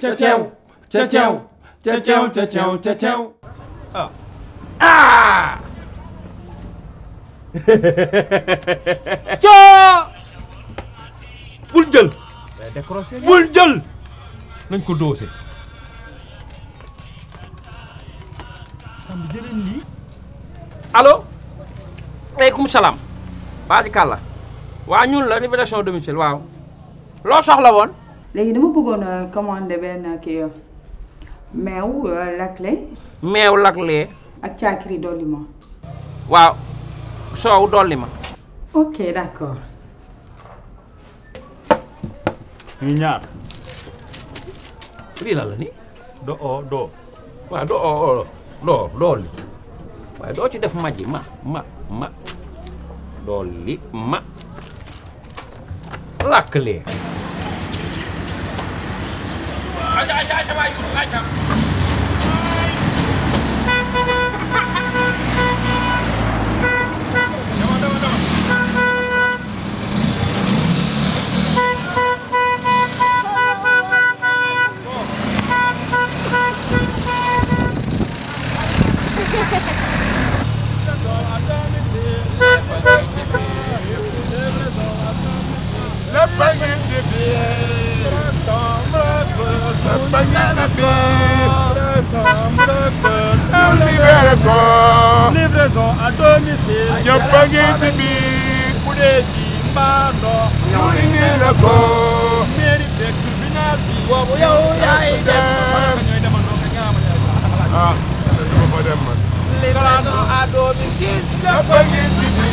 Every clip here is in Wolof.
Ciao ciao. Ciao ciao. Ciao ciao ciao ciao ciao ciao. Ah. Ah! Ciao. bul jël. décroché bul jël. nañ ko doose. Samb jëleen lii. allo. aleykum salaam. baadi kàlla. waa ñun la révélation domicile waaw. loo soxla woon. léegi dama bëggoon a commandé benn kii meew euh, laklé. meew laklé. ak caakiri dolli ma. waaw soow dolli ma. ok d'accord. ñu ñaar. lii lan la nii. do o do. waaw do o o do dolli. waaye doo ci def ma ji ma ma ma dolli ma laklé. ayca ayca ayca waay Youssou ayca Ha ha ha. weere koor livraison à domicile ñëpp a ngi ci biir bu dee ji mbaa ndox ñu indil la ko mairie beeg tribunal bi boobu yow yaay dem ñooy demandoo nga ñaama ah dama fa dem man livraison à domicile ñëpp a ngi ci biir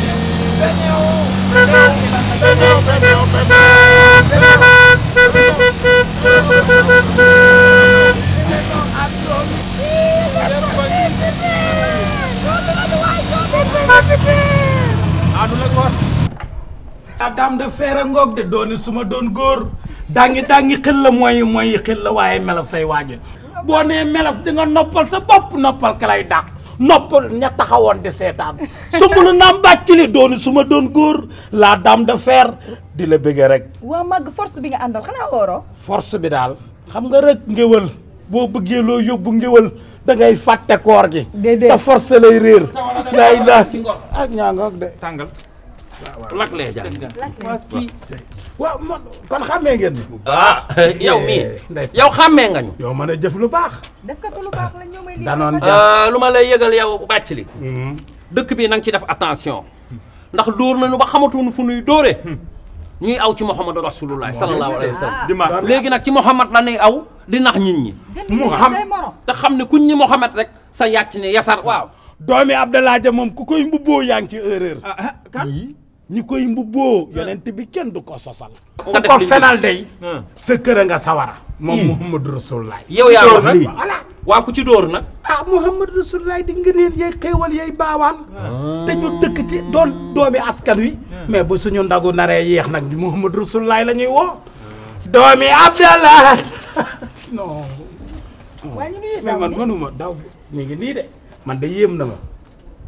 ah dame de fer a ngoog de doone su ma doon góor dangi dangi xel la mooy mooy xel la waaye melas say waaja boo nee melas di nga noppal sa bopp noppal ka lay dàq noppal ña taxawoon di seetaan sumbulu naam bàcc li dooni su ma doon góor laa dame de fer di la bëgge rek waaw mag force bi nga àndal xanaa wooroo force bi daal xam nga rek ngéwal boo bëggee loo yóbbu ngéwal da ngay fàtte koor gi sa force lay réer lay laa ak ñaa ngoog de tàngal lak lee jàng waaw kii waaw man kon xàmmee ngeen ni ah, yow mii eh, yow xàmmee nga ñu yow mën a jëf lu baax def ko lu ah, lu ma lay yëgal yow bàcc li hmm. dëkk bii na nga ci def attention ndax dóor nañu ba xamatuñu fu nuy dóoree hmm. ñuy aw ci Muhammad rasulullah sallallahu alayhi wa léegi nag ci Muhammad la ñuy aw di nax nit ñi mu xam te xam ne kuñ ñi Muhammad rek sa yàcc ne yasar waaw doomi Abdallah ja moom ku koy mbubboo yaa ngi ci erreur ah, kan ñi koy mbubboo hmm. yonent bi kenn du ko sosal. ku ko fenal day. Hmm. sa kër a nga sawara. moom Mouhamadou Rasulullaay. yow yaa wax nag waa ku ci dóor nag. ah Mouhamadou Rasulullaay di ngëneel yay xéewal yay baawaan. Hmm. te ñu dëkk ci doon doomi askan wi. mais bu suñu ndagu naree yéex nag Mouhamadou Rasulullaay la ñuy woo. doomi Abdallah. non. man mënuma daw mi ngi nii de man de yéem na ma.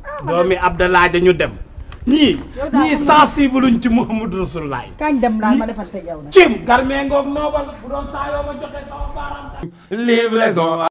Ah, doomi Abdallah dañu dem. ñii ñii sensible luñ ci Muhammadu Rasulullah. kañ dem daal bu doon saa ma joxe sama baaraam. livraison.